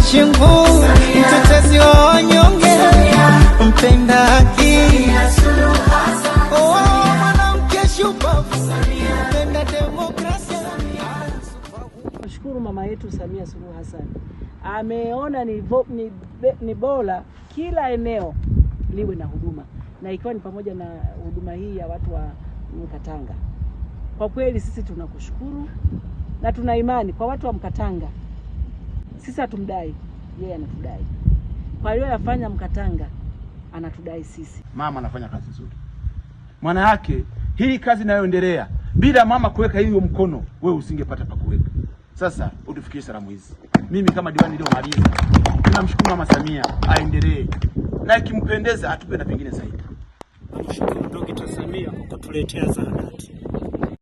chungu, mtetezi wa wanyonge, mpenda haki, Nashukuru mama yetu Samia Suluhu Hassan ameona ni, ni, ni bora kila eneo liwe na huduma na ikiwa ni pamoja na huduma hii ya watu wa Mkatanga. Kwa kweli sisi tunakushukuru na tuna imani kwa watu wa Mkatanga sisi hatumdai yeye, anatudai kwa hiyo yafanya Mkatanga anatudai sisi. Mama anafanya kazi nzuri, maana yake hii kazi inayoendelea bila mama kuweka hiyo mkono, wewe usingepata pa kuweka. Sasa utufikie salamu hizi. Mimi kama diwani iliyomaliza, tunamshukuru mama Samia, aendelee na ikimpendeza atupe na pengine zaidi. Tunamshukuru Dkt. Samia kwa kutuletea zahanati.